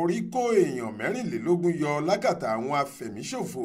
orí kó èèyàn mẹ́rìnlélógún yọ lákàtà àwọn afẹ̀míṣòfò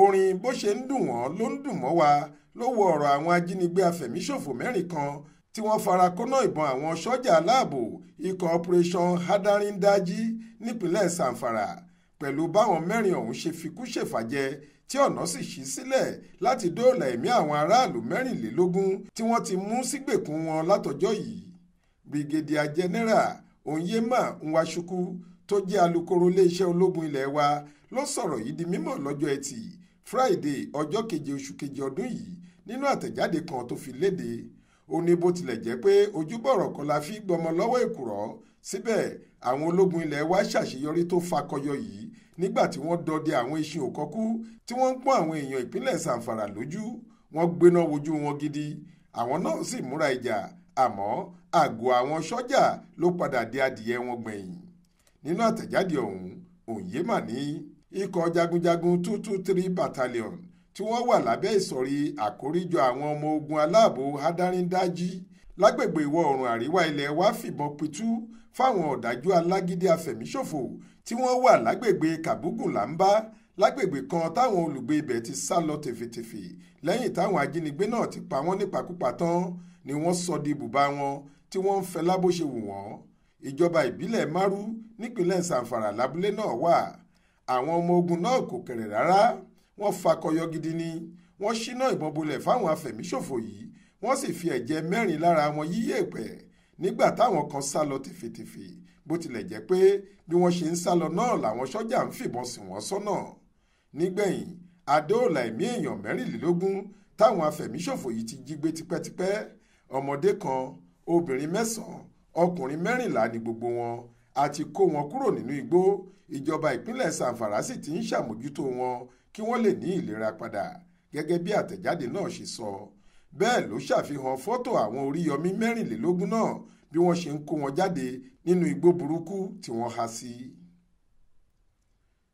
orin bó ṣe ń dùn wọ́n ló ń dùn mọ́ wa ló wọ ọ̀rọ̀ àwọn ajínigbé afẹ̀míṣòfò mẹ́rin kan tí wọ́n fara kóná ìbọn àwọn sọ́jà aláàbò ikọ̀ operation hadarindaji nípínlẹ̀ sanfara pẹ̀lú báwọn mẹ́rin ọ̀hún ṣe fikú ṣèfàjẹ tí ọ̀nà sì ṣí sílẹ̀ láti dóòlà ẹ̀mí àwọn aráàlú mẹ́rìnlélógún tí wọ́n ti mú sígbèkùn wọn látọjọ́ yìí brigadier general onyema nwachukwu tó jẹ́ alukoro iléeṣẹ́ ológun ilé wa ló sọ̀rọ̀ yìí di mímọ̀ lọ́jọ́ ẹtì friday ọjọ́ keje oṣù keje ọdún yìí nínú àtẹ̀jáde kan tó fi léde ó ní bó tilẹ̀ jẹ́ pé ojúbọ̀rọ̀ kan la fi gbọmọ lọ́wọ́ èkùrọ́ síbẹ̀ àwọn ológun ilé wa ṣàṣeyọrí tó fakọyọ yìí nígbà tí wọ́n dọdẹ àwọn iṣin òkọ́kú tí wọ́n ń pọ́n àwọn èèyàn ìpínlẹ̀ sàǹfàrà lójú wọ́n gbéná wojú wọn gidi àwọn náà sì múra ìjà àmọ́ àgọ́ àwọn sọ́jà ló padà di adìyẹ wọn gbẹ̀yìn nínú àtẹ̀jáde ọ̀hún Onyema ní ikọ̀ jagunjagun two two three battalion tí wọ́n wà lábẹ́ ìsọ̀rí àkóríjọ àwọn ọmọ ogun aláàbò adárindájí lágbègbè ìwọ̀ oòrùn àríwá ilẹ̀ wa fìbọn pitú fáwọn ọ̀dájú alágídí afẹ̀míṣòfò tí wọ́n wà lágbègbè kàbúgùn làǹbá lágbègbè kan táwọn olùgbé ibẹ̀ ti sá lọ tèfètèfè lẹ́yìn táwọn ajínigbé náà ti pa wọ́n nípakúpa tán ni wọ́n sọ di ibùba wọn tí wọ́n ń fẹ́ lábó ṣe wù wọ́n ìjọba ìbílẹ̀ Maru nípínlẹ̀ Zamfara lábúlé náà wà àwọn ọmọ ogun náà kò kẹ̀rẹ̀ rárá wọ́n fakọyọ gidi ni wọ́n ṣíná ìbọn bolẹ̀ fáwọn afẹ̀míṣòfò yìí wọ́n sì fi ẹ̀jẹ̀ mẹ́rin lára wọn yíyé pẹ̀ nígbà táwọn kan sá lọ tèfètèfè bó tilẹ̀ jẹ́ pé bí wọ́n ṣe ń sá lọ náà làwọn sọ́jà ń fìbọn sìn wọ́n sọ́nà. So nígbẹ̀yìn adóòlà ẹ̀mí èèyàn mẹ́rìnlélógún táwọn afẹ̀míṣòfò yìí ti jí gbé tipẹ́tipẹ́ ọmọdé kan obìnrin mẹ́sàn-án ọkùnrin mẹ́rìnlá ni gbogbo wọn a ti kó wọn kúrò nínú igbó ìjọba ìpínlẹ̀ sanfara sì ti ń ṣàmójútó wọn kí wọ́n lè ní ìlera padà gẹ́gẹ́ bí àtẹ̀jáde náà ṣe sọ bẹ́ẹ̀ ló ṣàfihàn fọ́tò àwọn oríyọmí mẹ́rìnlélógún náà bí wọ́n ṣe ń kó wọn jáde nínú igbó burúkú tí wọ́n há sí